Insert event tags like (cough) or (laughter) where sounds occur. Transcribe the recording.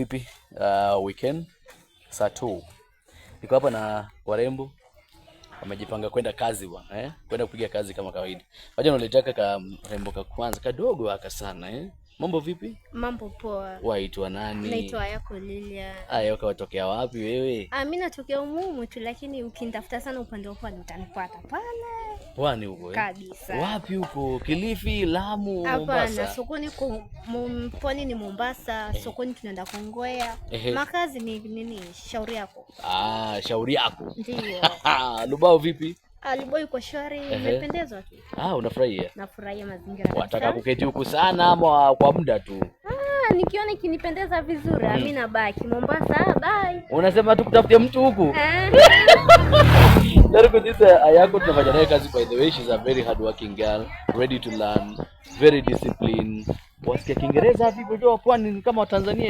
Vipi uh, weekend saa tu niko hapa na warembo wamejipanga kwenda kazi bwana eh? kwenda kupiga kazi kama kawaida. Wacha naletaka ka mm, rembo ka kwanza kadogo haka sana eh? Mambo vipi? Mambo poa. Waitwa nani? Naitwa yako Lilia. yako watokea wapi wewe? Ah, mimi natokea umumu tu, lakini ukinitafuta sana upande wa pwani utanipata pale. Pwani huko eh? Kabisa. Wapi huko? Kilifi, Lamu, Mombasa? Hapana, sokoni kwa pwani ni Mombasa, eh. sokoni tunaenda Kongowea. Makazi ni nini? Shauri yako. Ah, shauri yako. Ndio. (laughs) Lubao vipi? Aliboi kwa shwari, nimependezwa tu. Ah, unafurahia? Nafurahia mazingira. Wataka kuketi huku sana ama kwa muda tu? Ah, nikiona ikinipendeza vizuri, mm. Mimi nabaki Mombasa, bye. Unasema tu kutafutia mtu huku? Ah. Eh. Ayako (laughs) tunafanya naye kazi by the way, she's a very hard working girl, ready to learn, very disciplined. Wasikia Kiingereza vipi? Unajua kwani kama Watanzania